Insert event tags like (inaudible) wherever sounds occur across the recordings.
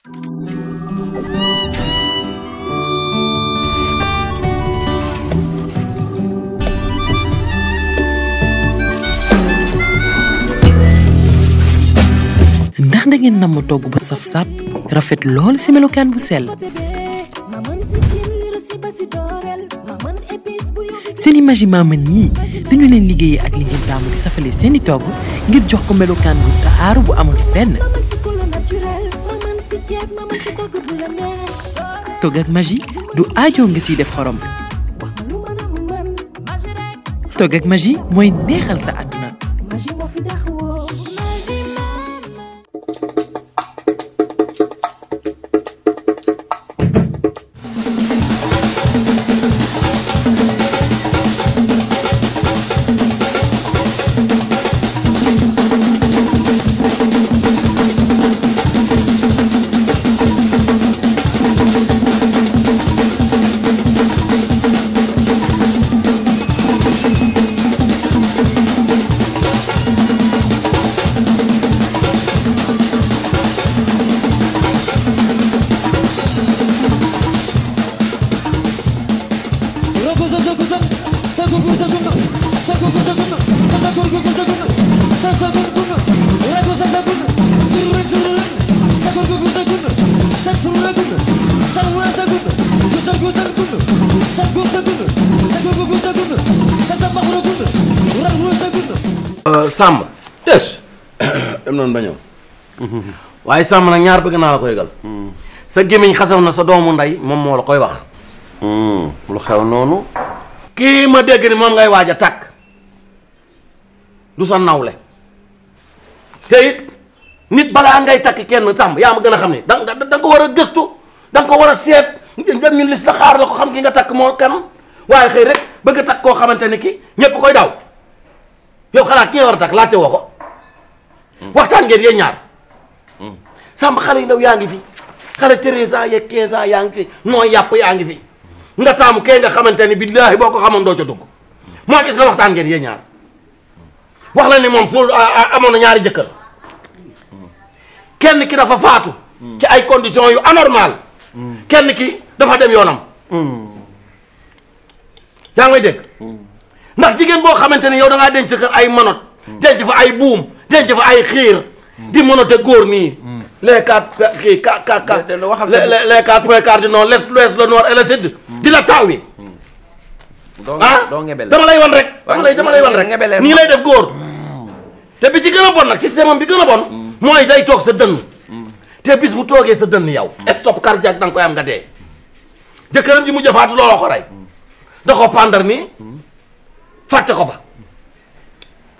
ndax da ngeen namm togg bu saf sàpp rafet lool ci melokaan bu sell seeni magi maaman yii dañu leen liggéeyee ak li ngeen taamu di safalee seeni togg ngir jox ko melokaan bu taaru bu amul fenn togg ak du aajoo nga siy def xorom togg ak Maggi defal sàmm tes (coughs) dem noonu ba ñëw (coughs) waaye sàmm na ñaar bëgg naa la koy gal hmm. sa gémmiñ xasaw na sa doomu ndey moom moo la koy wax hmm. lu xew noonu kii ma dégg ni moom ngay waaj a du sa nawle te it nit balaa ngay takk kenn sàmm yaa ma gën a xam ne da da war a gëstu da ko war a seet dem ñu li sa xaar la ko xam ki nga takk moo kanam waaye xëy rek bëgg a takk koo xamante ni ki ñépp koy daw yow xanaa ki nga war a takk laajte woo ko. Hmm. waxtaan ngeen yéen ñaar. Hmm. sàmm xale yu yaa ngi fi xale 13 sa yeeg 15 ans yaa ngi fi nooy yàpp yaa ngi fi hmm. nga taamu kay nga xamante ni billaahi boo ko xamoon doo ca dugg moom est-ce que waxtaan ngeen yéen wax la ni moom fu amoon na ñaari jëkkër kenn ki dafa faatu. ci ay conditions yu anormal kenn ki dafa dem yoonam. yaa ngi may ndax jigéen boo xamante ne yow da ngaa denc kër ay manot denc fa ay buum denc fa ay xiir di te góor nii mm. les quatre kii ka ka ka les quatre points cardinaux l'est l'ouest le nord et le sud mm. di la taaw yi mm. ah dama lay wan rek dama lay dama lay wan rek nii lay def góor te bi ci gën a bon nag système bi gën a bon mooy day toog sa dënn te bis bu toogee sa dënn yow stop cardiaque da nga koy am nga dee jëkkëram ji mu jëfaatu looloo ko rey da ko pandar nii fàtte ko fa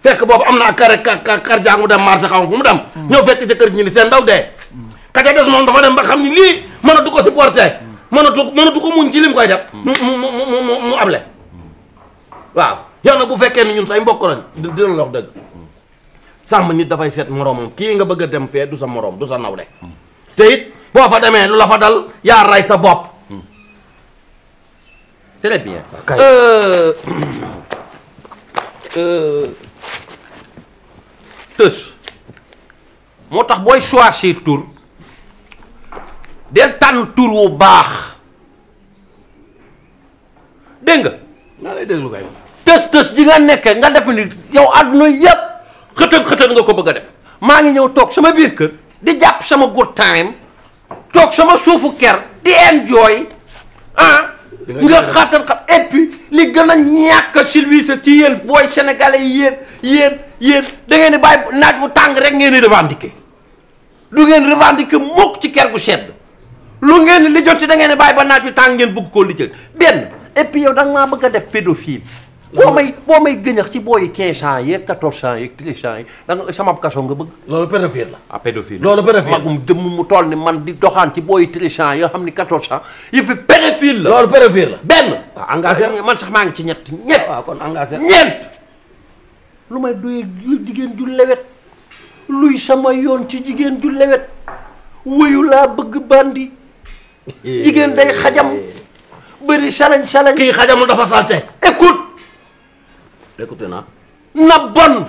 fekk boobu am naa kare kar jaa mu dem marché xaw fu mu dem ñëw fekk ca kër gi seen ndaw dee kaca des moom dafa dem ba xam ni lii mënatu ko supporter mënatu mënatu ko muñ ci lim koy def mu mu mu mu able waaw yow nag bu fekkee ni ñun say mbokk lañ dina la wax dëgg sàmm nit dafay seet moroomam kii nga bëgg a dem fee du sa moroom du sa nawle te boo fa demee lu la fa dal yaa sa bopp hmm. tës moo tax booy choisir tur de tànn tur wu baax dégg nga. naa lay déglu kay. tës tës ji nga nekkee nga def ni yow àdduna yëpp xëtën xëtën nga ko bëgg a def maa ngi ñëw toog sama biir kër di jàpp sama good time toog sama suufu ker di enjoy ah. nga xaatal xat et puis li gën a ñàkk a service ci yéen booy sénégalais yi yéen yéen yéen da ngeen di bàyyi naaj wu tàng rek ngeen di revendiquer du ngeen revendiquer mukk ci ker gu sedd lu ngeen di lijjanti da ngeen di ba naaj bu tàng ngeen bëgg koo lijjanti benn et puis yow da nga a def pédophile boo may boo may gëñax ci booyi quinze ans yeeg 14 ans yeeg 13 ans yi da nga sama kaso nga bëgg. loolu pédophile la. ah pédophile loolu pédophile magum dëmm mu toll ni man di doxaan ci booyi 13 ans yoo xam ni 14 ans yi fi pédophile la. loolu benn. waaw ah, engagé ah, man sax maa ngi ci ñett ñett. waaw ah, kon engagé ñeent. lu may doyee lu jigéen ju lewet luy sama yoon ci jigéen ju lewet wuyu laa bëgg bandi (laughs) jigéen day xajam bëri salañ salañ. kii xajamul dafa salté écouté naa. na bon.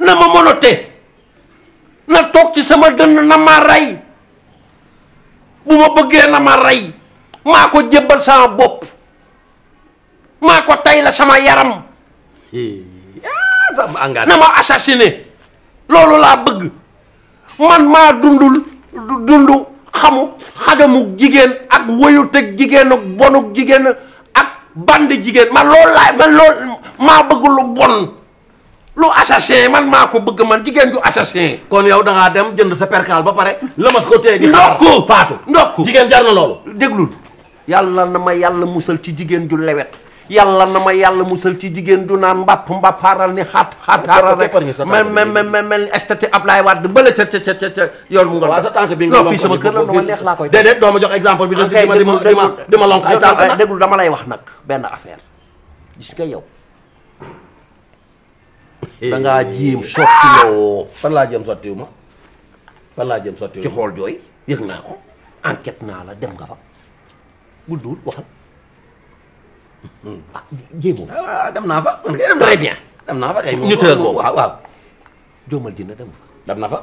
na ma monote na toog ci sama dënn na ma rey bu ma bëggee na ma rey maa ko jébbal sama bopp maa ko tay la sama yaram. Ah, na ma assassiné loolu laa bëgg man maa dundul dundu xamu xajamu jigéen ak wëyuteg jigéen ak bonuk jigéen ak bandi jigéen man loolu maa bëgg lu bon lu assassin man maa ko bëgg man jigéen ju assassin. kon yow da ngaa dem jënd sa percal ba pare. lëmas ko tee di xaar ndokku faatu ndokku jigéen jar na loolu. déglul yàlla na ma yàlla musal ci jigéen ju lewet yàlla na ma yàlla musal ci jigéen du naan mbapp mbappaaral ni xaat xaataaral rek mel mel mel mel estati Ablaye Wade bële sa tànk bi nga sama kër la nu ma neex laa koy déedéet doo ma jox exemple bi di ma di ma di ma lonk ay tànk déglu lay wax nag benn affaire gis nga yow Eh. da ngaa jéem sotti loo. fan laa jéem sottiw ma fan laa jéem sottiw ci xool jooy yëg naa ko anket naa la dem nga fa bul duul waxal hmm. ah jéemoo. Ah, ah, dem naa fa man kay dem très bien. dem naa fa kay ñu tëral ko waaw waaw. joomal dina dem fa. na fa.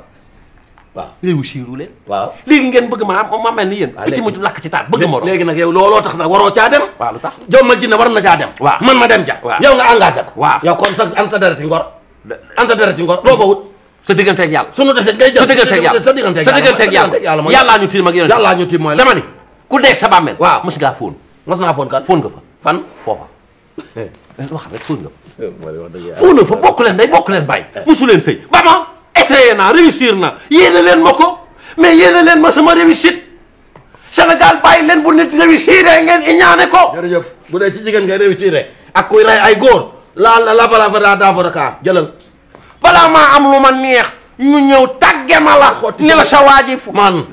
waaw léegi siiru leen. waaw léegi ngeen bëgg ma ma mel ni ah, mu lakk ci taat bëgg ma. léegi nag looloo tax nag waroo caa dem. waaw lu tax jommal jinne war na caa dem. waaw man ma dem ja. waaw yow nga engagé ko. waaw yow kon an sa dara ci ngor doo ko wut sa digganteeg yàlla sunu deset ngay jël sa digganteeg yàlla sa digganteeg yàlla yàllaa ñu tiim ak yonent yàllaa ñu tiim mooy dama ni ku dee sa bàmmeel waaw mës ngaa fóon mës naa fóon kan fóon nga fa fan foofa eh. eh, wax rek fóon nga fa eh, fóon nga fa bokk leen day bokk leen bàyyi musu leen sëy ba ma essayé naa réussir naa yéene leen ma ko mais yéene leen ma sama réussite Sénégal bàyyi leen bu nit réussir ngeen iñaane ko jërëjëf bu dee ci jigéen nga réussir ak kuy rey ay góor laa la la balaa fa daa daa fa balaa am lu ma neex ñu ñëw tàgge ma la. ni sa waa ji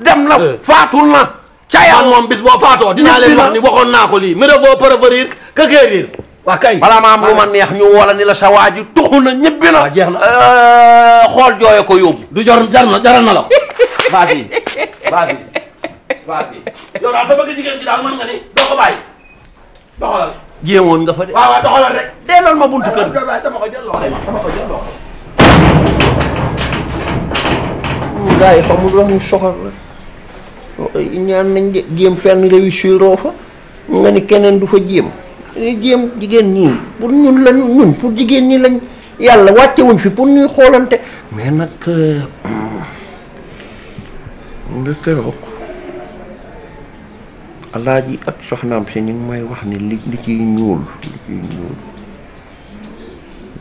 dem na eh. faatul na. caya ah. moom bis boo faatoo dinaa leen wax ni waxoon naa ko lii mieux vaut prévenir que waa kay balaa maa ma ah. neex ñu woola ni la sa waa ji tuxu na ñibbi ah, jeex na euh, xool jooye ko yóbbu. du jar jar na jaral na la ko. (laughs) baas yi baas yi jéemoon nga fa de. waaw delloo ma buntu kër gi dama ko soxor la ñaan nañ de jéem fenn réussir oo nga ni keneen du fa jéem jéem jigéen ñii pour la pour jigéen ñi lañ yàlla wàcce wuñ fi pour ñuy xoolante mais nag euh, nga keroog. alaaji ak soxnaam si ñu may wax ni li li ciy ñuul li ciy ñuul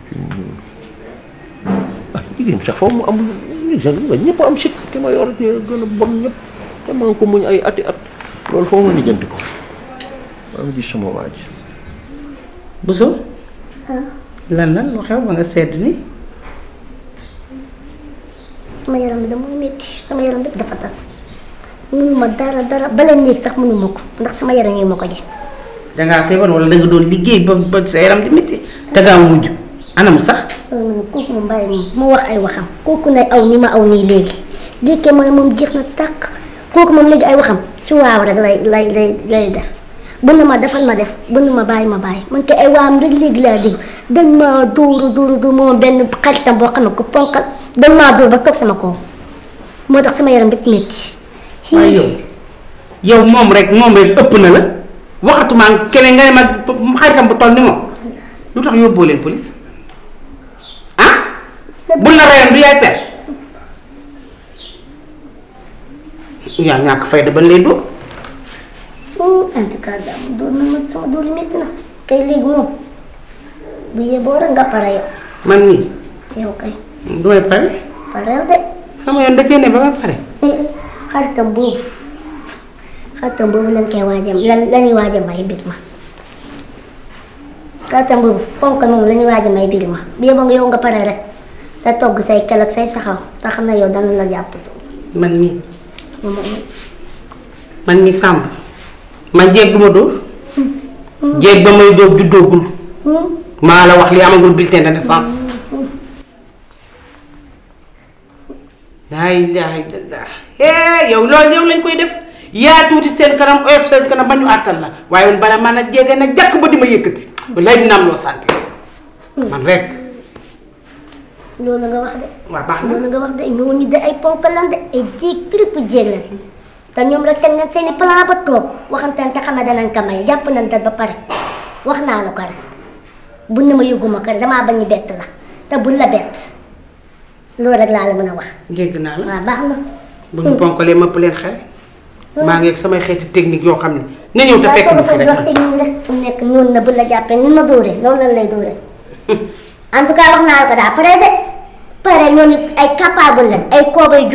li ciy ñuul ah jigéen sax foofu mu am lu ñëpp am sikk ki ma yor te gën a bon ñëpp te ngi ko muñ at loolu foo ma lijjanti ko maa ngi gis sama waa ji. Bousso. lan lan lu xew ba nga sedd ni. sama yaram bi dama sama yaram dafa tas. mënuma dara dara bala néeg sax mënuma ko ndax sama yaram yi ma ko jeex. da ngaa feebar wala da nga doon liggéey ba ba sa yaram di métti te ngaa mujj anam sax. loolu kooku moom ma wax ay waxam kooku nay aw ni ma aw nii léegi dékkee ma moom jeex na tàkk kooku ay waxam si waaw rek lay lay lay lay def. bënn ma defal ma def bënn ma bàyyi ma bàyyi man kay ay waam rek léegi laa dégg dañ maa dóoru dóoru dóor moom benn xaritam boo xam ne ko ponkal dañ maa dóor ba toog sama kaw moo tax sama yaram bépp métti. yow yow moom rek moom rek ëpp na la waxatuma keneen nga ne ma xaritam bu toll ni moom lu tax yóbboo leen police ah bu la reyoon du yaay perte yaa ñàkk fayda ban léegi moom bu yeboo rek nga pare yow. man nii. yow kay. pare. pareel de. sama yoon da cee ne ba ma pare. (laughs) xaritam boobu xaritam boobu lan koy waaj lan lañuy waaj a may biir ma xaritam boobu ponk lañuy waaj may biir ma bii ba nga yow nga pare rek te togg say kel ak say saxaw te xam ne yow dana la jàpp. man mii man mii sàmb man jéeg du dóor hmm. jéeg ba may dóor juddoogul hmm. maa la wax li amagul bulletin de eh yow loolu yow lañ koy def yaa tuuti seen kanam oyof seen kanam ba ñu àttan la waaye man man a jege na jàkk ba di ma yëkkati walaay dina am sant hmm. man rek. loolu nga wax de. waaw baax na loolu nga wax de ñooñu de ay ponk lan de ay jéeg pilipu jéeg la te wax naa la ko rek buñ ma yëguma ko damaa bañ bett te buñ la bett loolu rek laa la mën naa baax na. bu ñu ponkalee mëpp leen xel. maa ngi ak samay xeeti technique yoo xam ne. na ñëw te fekk na fi rek ndax la jàppee ni ma dóoree loolu lan lay dóoree. (laughs) naa la ko daa pare de pare ay capable lañ ay koobay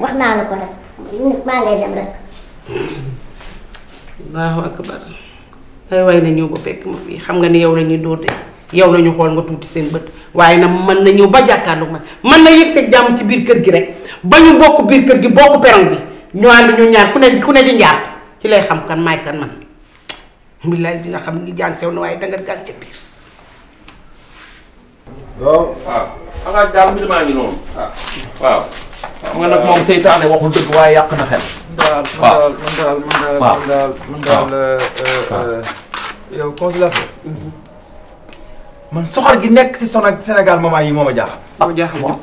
wax naa la ko rek maa na ñëw ba fekk ma fii xam nga ni yow la ñuy yow la ñu xool nga tuuti seen bët waaye nag mën na ñëw ba jàkkaarloog man mën na yëg seen jàmm ci biir kër gi rek ba ñu bokk biir kër gi bokk perong bi ñu ànd ñu ñaar ku ne ku ne di njàpp ci lay xam kan maay kan man dina xam ni jàng sew na waaye danga ah. ah. nag moom seytaane waxul dëgg waaye yàq na xel. man soxor gi nekk si sonak Sénégal moment yi moo ma jaaxal. moo jaaxal moom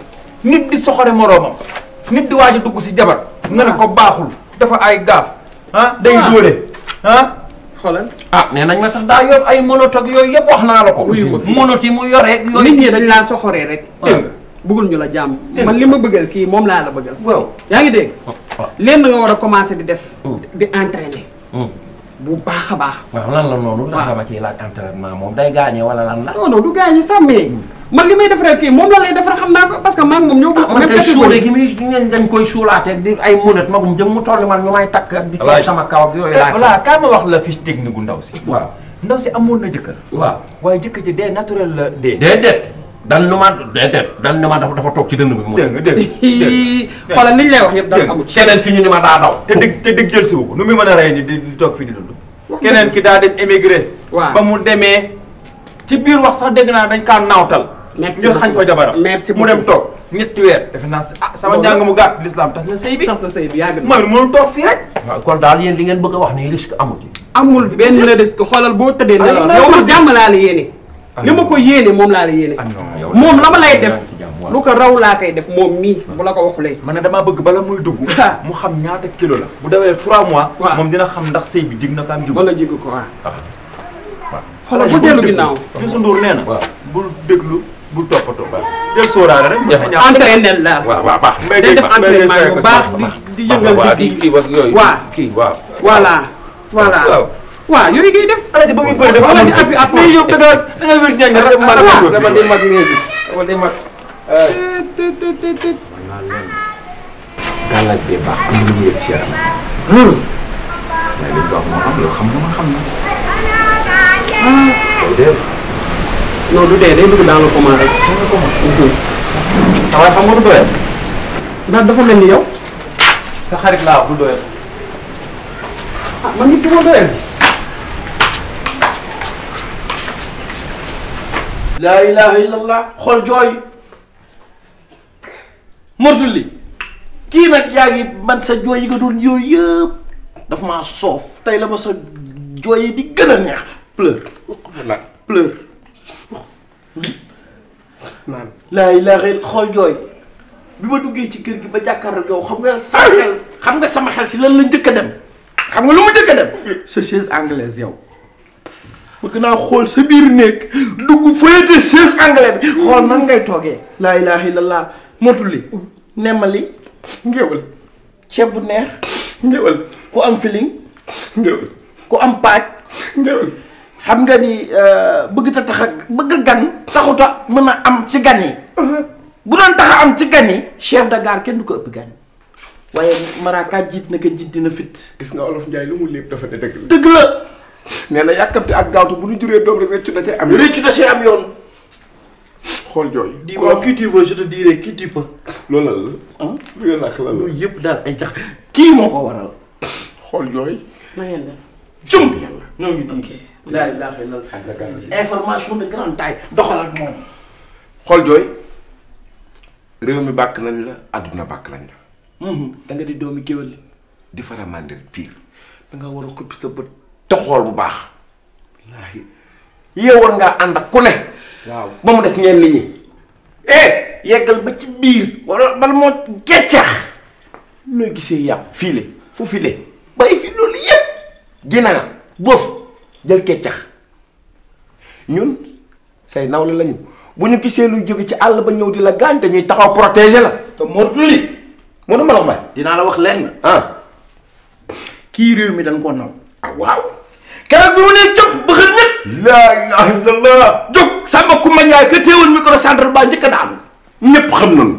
nit di soxore moroomam nit di waaj a dugg si jabar. nga ne ah. ko baaxul dafa ay gaaf. ah day ah. dóole ah. xoolal ah nee nañ ma sax daa yor ay monotok yooyu yëpp wax naa la ko. monot yi mu yore yooyu. nit ñi dañ laa soxoree rek. bëggul ñu la jàmm man li ma bëggal kii moom laa la bëggal. waaw yaa ngi dégg. leen oh, oh. lenn nga war a commencer di def. Hmm. di entraîner. Hmm. bu baax a baax. waaw lan la noonu. waaw lan nga ciy laaj entraînement moom day gaañee wala lan la. non non gaañee sax man li may defaree kii moom la lay defar xam naa ko parce que maa moom ñoo bokk. Ah, même man ñu may takk. di toog sama kaw ak yooyu laaj. Eh, voilà kaa ma wax la fiche technique gu ndaw si. waaw ndaw si amoon na jëkkër. waaw waaye jëkkër ji dee naturel la daan nu ma déedéet eh, eh, daan nu ma dafa toog ci dënd bi mu. dégg dégg xoolal lay wax yëpp dara amu ci. keneen ki ñu ni ma daa daw. te dëgg ko nu muy mën a rey ni di toog fii di dund. keneen ki daa mu demee ci biir wax sax dégg naa dañ kaan naawtal. merci ñu xañ ko jabaram merci mu dem toog ñetti weer. defe naa ah sama njàng mu gàtt lislaam tas na sëy bi. tas na sëy bi yàgg na mooy mënul toog fii rek. waaw kon daal yéen li ngeen bëgg a wax nii risque amul. amul benn risque xoolal boo tëddee. yow jàmm laa la yéene li ma ko yéene moom laa la yéene moom la ma lay def lu ko raw laa koy def moom mii bu la ko waxulee man ne damaa bëgg bala muy dugg mu xam ñaata kilo la bu dawee trois mois moom dina xam ndax sëy bi dig na kaam jig wala jig ko waaw xoolal bu dellu ginnaaw Youssou Ndour nee na bul déglu bul toppatoo baax del sóoraale rek entraînel la waaw baax day def entraînement bu baax di di yëngal di kii kii waaw kii waaw voilà voilà waaw yooyu ngay def. alati ba muy bëri dafa am at bi at mais yow da nga da nga wér ñañ la dem mat dama day mat ngay gis dama day mat gàllal bee baax am lu ñu yëg ci yaram mais hmm. li baax moo am yow xam nga ma xam na day hmm. dee non du dee day dugg dans le coma rek dans le coma waaye hmm. xam nga du doyal ndax dafa mel ni yow sa xarit laa wax du doyal ah man nit du ma doyal laa ilaha illallah xool jooy mortul li kii nag yaa ngi man sa jooy yi nga doon yooyu yëpp dafa maa soof tey la ma sa jooy yi di gën a neex pleur pleur naan laa ilaha illallah xool jooy bi ma duggee ci kër gi ba jàkkaarloo yow xam nga sama xel xam nga sama xel si lan la jëkk a dem xam nga lu ma njëkk a dem sa chaise anglaise yow bëgg naa xool sa biir néeg dugg fëyete sées anglais bi xool nan ngay toogee laa ilaha illallah motuli nemmali ngéwal ceeb bu neex ngéwal ku am feeling ngéwal ku am paaj ngéwal xam nga ni euh, bëgg ta tax a bëgg a gan taxuta mën a am ci gan yi uh-huh. bu doon tax am ci gan yi chef de gare kenn du ko ëpp gan waaye maraaka jiit naka jiit dina fit gis nga olof Njaay lu mu lépp dafa ne dëgg la nee na yàkkamte ak gaawtu bu ñu juree doom rek réccu da am. réccu da yoon. xool jooy. dis-moi qui tu veux te dirai qui loolu lan la. la loolu yëpp daal ay jax kii moo ko waral. xool jooy. na ngeen def jëm yàlla. ñoo xool jooy réew mi bàkk nañ la àdduna bàkk nañ la. Mhm. da di doomi géwél di faramàndir pire da war a xuppi sa bët. te xool bu baax. yow war ngaa ànd ak ku ne. waaw ba mu des ñenn ñi. eh yeggal ba ci biir wala bala moo geccax noo gisee yàpp file fu file bàyyi fi loolu yëpp ginaar boof jël keccax ñun say nawle lañu bu ñu gisee luy jóge ci àll ba ñëw di la gaañ dañuy taxaw protéger la te mortu moo mënu ma la wax dinaa la wax lenn ah kii réew mi dañ koo naw ah, waaw keroog bi mu nee cop ba xër ñëpp. laa ilaha illallah. jóg Samba Kumba Ndiaye ka teewoon micro central ba njëkk a daanu. ñëpp xam nañu.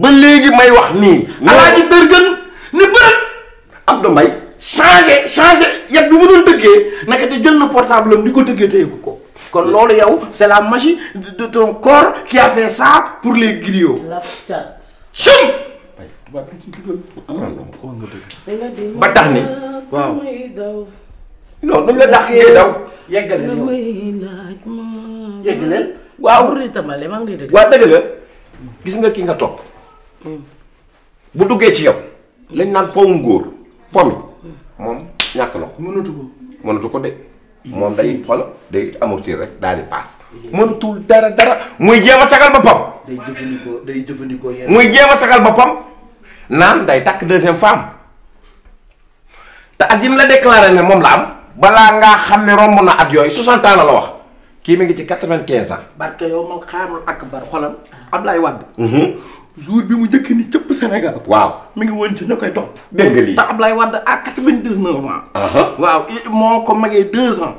ba léegi may wax nii. alaaji dërgën ni bërët. Abdou Mbaye changé changé yat bi mu doon dëggee naka te jël na portable am di ko dëggee téye ko. kon loolu yow c'est la magie de ton corps qui a fait ça pour les griots. la ba tax ni waaw. non nu mu la dàqee daw. yeggal leen yow yegg leen. waaw waaw dëgg la gis nga ki nga topp. bu duggee ci yow. lañ naan pomm góor pomm moom ñàkk la ko. mënatu ko mënatu ko de. moom day xool day amortir rek daal di paas. mënatul dara dara muy jéem a sagal boppam. day jëfandikoo day jëfandikoo yenn muy jéem a sagal boppam naan day takk deuxième femme te ak yi mu la déclaré ne moom la am. balaa ngaa xam ne romb na at yooyu 60 la la wax kii mi ngi ci 95 ans. barke yow ak xaarul akbar xoolal ah. Ablaye Wade. Mhm. jour bi mu njëkk ni cëpp Sénégal. waaw mi ngi woon ci ña koy topp. dégg nga lii te Ablaye Wade à 99 ans. waaw moo ko magee 2 ans.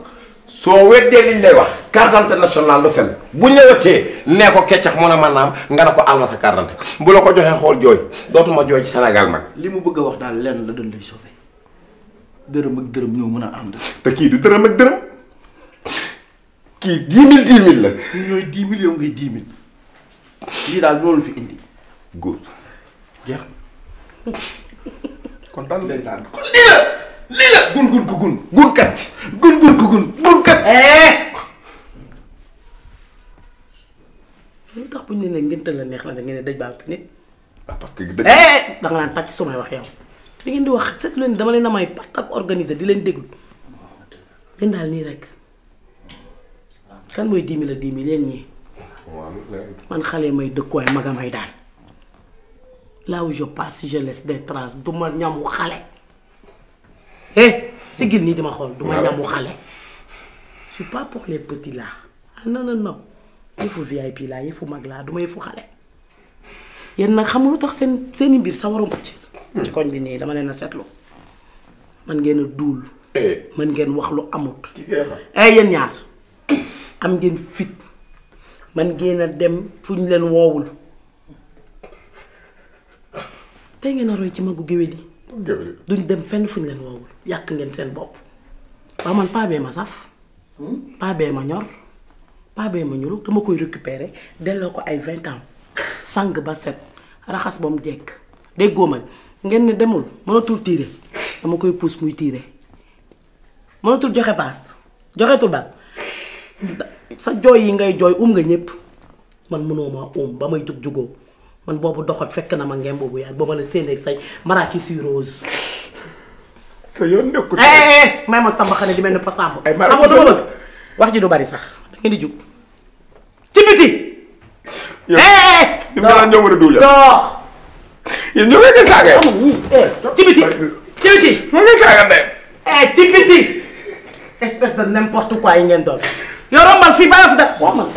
soo dee liñ lay wax carte d'identité nationale du fen bu tee nee ko keccax man naa maanaam nga ne ko alma sa carte bu la ko joxee xool jooy dootuma jooy ci Sénégal li mu bëgg wax daal lenn la doon lay sauver. dërëm ak dërëm ñoo mën a ànd. te kii du dërëm ak dërëm kii dix mille dix mille la. ñu ñooy dix mille yow ngay dix mille lii daal loolu fi indi. góor jeex kon daal lay saan kon lii la lii la gun gun ko gun gun kat gun gun ko gun gun kat. Eh! lu tax bu ñu ne ngénte la neex na da ngeen di daj baal nit. ah parce que. Eh! da nga naan tàcc su may wax yow. li ngeen di wax seetlu leen dama leen a may part ak organiser di leen déglu leen daal nii rek kan mooy dix mille la dix mille leen ñii man xale may dëkkuwaay maga may daal là où je passe je laisse des traces ma ñamu xale eh sigil nii dima xool du ma ñamu xale je suis pour les petits là ah non non yëfu VIP laa yëfu mag laa du ma yëfu xale yéen nag xam nga lu tax seen seeni mbir sa ci ci koñ bi nii dama leen a seetlu mën ngeen a duul. Eh. mën ngeen wax lu amut. ay eh, yéen ñaar am ngeen fit man ngeen a dem fu ñu leen woowul tey ngeen a roy ci magu géwél yi. duñ dem fenn fu ñu leen woowul yàq ngeen seen bopp. waaw man paa ma saf hmm? paa ma ñor paa bee ma ñorul dama koy récupérer delloo ko ay vingt ans sang ba set raxas ba mu jekk déggoo ma ngeen ne demul mënatul tiire dama koy puus muy tiire mënatul joxe paas joxetul bal sa jooy yi ngay jooy um nga ñëpp man mënoo maa um ba may jug jugoo man boobu doxat fekk na ma ngeen boobu yaay ba ma la séenee say maraaki sur rose. sa yoon nekkul. Eh, eh, eh, may ma sàmm xane di mel ne pas sàmm. ay maraaki sur wax ji du bari sax da ngeen di jug. ci biti. yow ni mu la ñëw a duul dox. yéen ñoo ngi saaga. ci biti ci biti. ñoo ngi saaga de. ci biti. espèce de n'importe quoi yi ngeen doon. yow rombal fii bala fi def. waaw man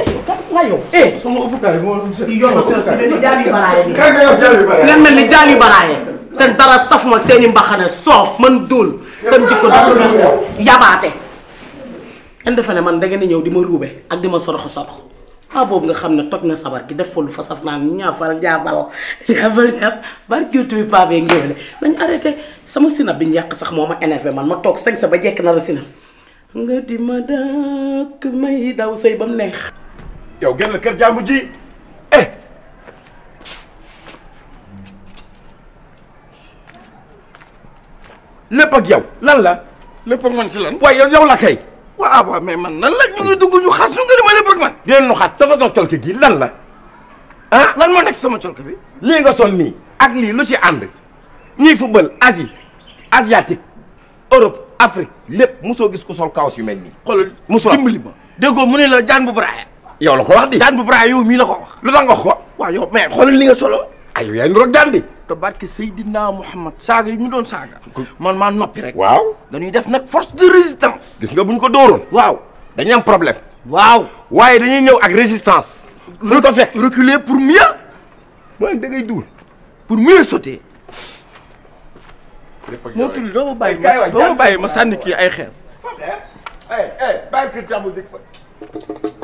waaw eh. yow. sama ëppukaay moo yow mel ni jaal yu baraaye bi. kàddu yow jaal yu baraaye. ngeen mel ni jaal yu baraaye. seen dara saf ma seen i mbaxane soof man dóol seen jikko dafa yabaate. ngeen defe ne man da ngeen di ñëw di ma ruube ak di ma soroxo soroxo paa boobu nga xam ne toj na sabar def fa fa saf naan ñaafal ñaafal ñaafal ñaaf barkiwutu sama sinap bi yàq sax moo ma énervé man ma toog sëñ sa ba jekk na la sinap ba mu neex yow génn kër jàmbu ji eh! lépp ak yow lan la lépp ak man ci lan waaye yow yow la kay waa waaw mais man nan la ñu ngi dugg ñu xas ñu nga li ma la bëgg man. di leen xas sama soog colke gi lan la ah. lan moo nekk sama colke bi. lii nga sol nii ak lii lu ci ànd ñuy football Asie asiatique Europe Afrique lépp mosoo gis ku sol kawas yu mel nii. xoolal mosul am dimbali ma déggoo mu la jaan bu braaya. yow la ko wax di jaan bu braaya yow mii la ko wax. lu tax nga ko. waa yow mais xoolal li nga solo. ay yow yaa ngi te barke Seydina Mouhamad saaga yi ñu doon saaga. man maa noppi rek. waaw dañuy def nag force de résistance. gis nga bu ñu ko dóoroon. waaw dañuy am problème. waaw waaye dañuy ñëw ak résistance. lu ko fekk reculer pour mieux. mooy da ngay duul pour mieux sauter. moo tudd doo ma bàyyi ma doo ma bàyyi ma sànni kii ay xeer. ay ay eh, eh, bàyyi kii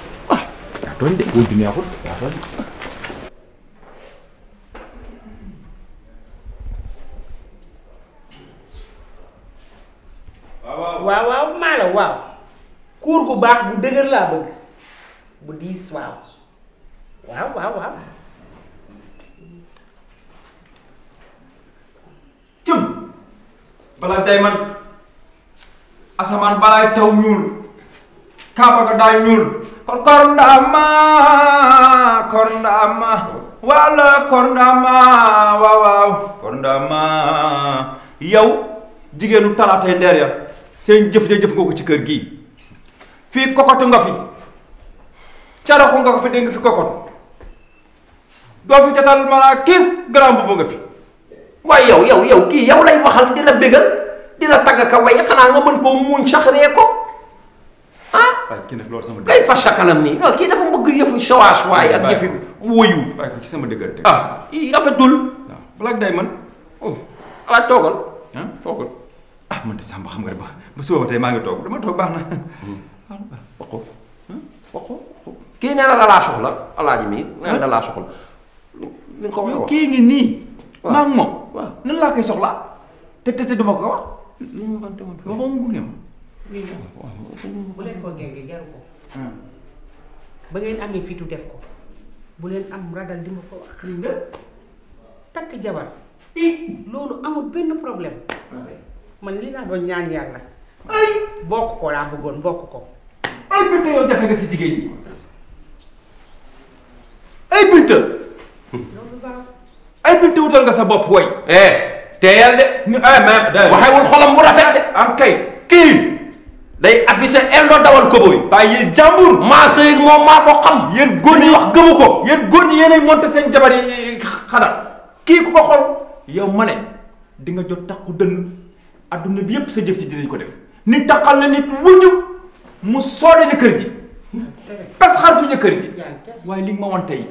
tooñ de wujj neexul waaw waaw maalo waaw kuur gu baax bu dëgër laa bëgg bu diis waaw waaw waaw waaw cëm balaa man asamaan balaay taw ñuul kaaba ga daa ñuul kon korndama korndama wala korndama waaw waaw korndama yow jigéenu talaatay ndeer ya seen jëf ja jëf nga ko ci kër gi fii kokotu nga fi caraxu nga ko fi dégg fi kokotu doo fi jotal maanaam kiis grand boobu nga fi waaye yow yow kii yow lay waxal di la bégal di la ka waaye xanaa nga mën koo muuñ ko ah kii nag loolu sama kay fas sakalam nii non kii dafa bëgg yëfu chawage waay ak yëfi woyu bàyyi ko ci sama dëggante ah i rafetul waaw black diamond oh. alaaj toogal toogal ah man de Samba xam nga ba ba suba ba tey maa ngi toog dama toog baax na waxu hmm. waxu kii nee na da laa ngi nii maa ngi laa koy soxla te te te duma ko wax li ñu waxante woon waxoon gunge ma bu leen ko gengee jaru ko hmm. ba ngeen amee fitu def ko bu leen am ragal di ma ko wax takk jabar loolu amul benn problème man li laa doon ñaan yàlla ay bokk ko laa bëggoon bokk ko ay binta yow jafe nga si jigéen ñi ay binta ay binta wutal nga sa bopp woy eh teeyal de eh, waxewul xolam bu rafet am ah, kay kii day affiché endo dawal kobo yi bàyyi jàmbur maa sëy moom maa ko xam yéen góor ñi wax gëmu ko yéen góor ñi yéenay monté seen jabar yi xanaa kii ku ko xool yow ma ne di nga tax ku dënn adduna bi yépp sa jëf ci dinañ ko def ni taxal na nit mu soole jëkkër ji pes xar su jëkkër ji waaye li nga ma wan tey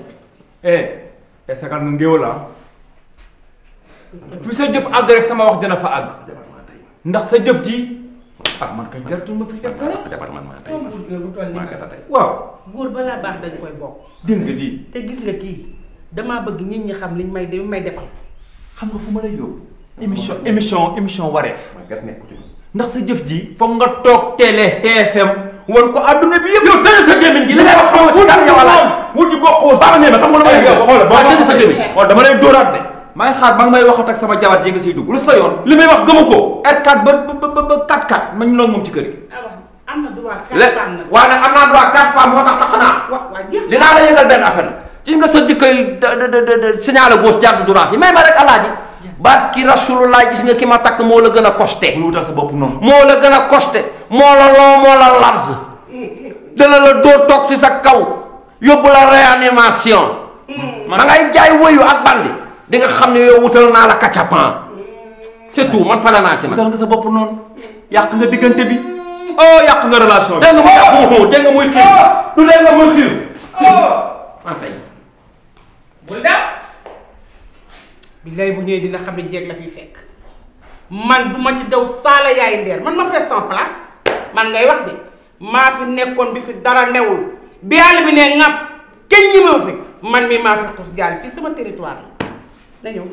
eh e eh, fi ah. sa jëf àgg rek sama wax dina fa àgg ndax sa jëf ji ah man kay jartu ma fi def dara département tey maa gata tey waaw dañ koy bokk dégg nga te gis nga kii damaa bëgg nit ñi xam liñ may de may defal xam nga fu ma lay yóbbu émission émission émission wareef ndax sa jëf ji foog nga toog télé TFM wan ko adduna bi yëpp yow tëjal sa gémmiñ gi li nga wax xamoo ci dara yow wala wuti bokkoo ne ma xam nga lu ma yow dama lay dóoraat maa ngi xaar maa ngi may waxat ak sama jabar ji nga siy dugg lu sa yoon li may wax gëmu ko R4 ba ba ba 4-4 ma ñu loolu moom ci kër gi. Ah, am na droit 4 femmes la waaye am naa droit 4 femmes moo tax sax naa. dinaa la yëgal benn affaire ci nga sa jëkkër signalé gauche jàpp droite yi may ma rek alaaji. baat ki rasulullah gis nga ki ma takk moo la gën a costé. mu wutal sa bopp noonu. moo la gën a costé moo la loo moo la eh, eh. dana la doo toog si sa kaw yóbbu la réanimation. Hmm. man da ngay jaay wëyu ak bandi. di nga xam ne yow wutal naa la kacapan c'est tout man pare naa ci nag. wutal nga sa bopp noonu yàq nga diggante bi oh yàq nga relation bi. dégg nga muy yàqu oh, oh, dégg oh. billaay bu ñëwee dina xam ne jeeg la fi fekk man duma ci daw saala yaay ndeer man ma fee sans place man ngay wax de maa fi nekkoon bi fi dara newul bi àll bi ne ŋàpp kenn ñi fi man mi maa fi xus jaal fii sama territoire na ñëw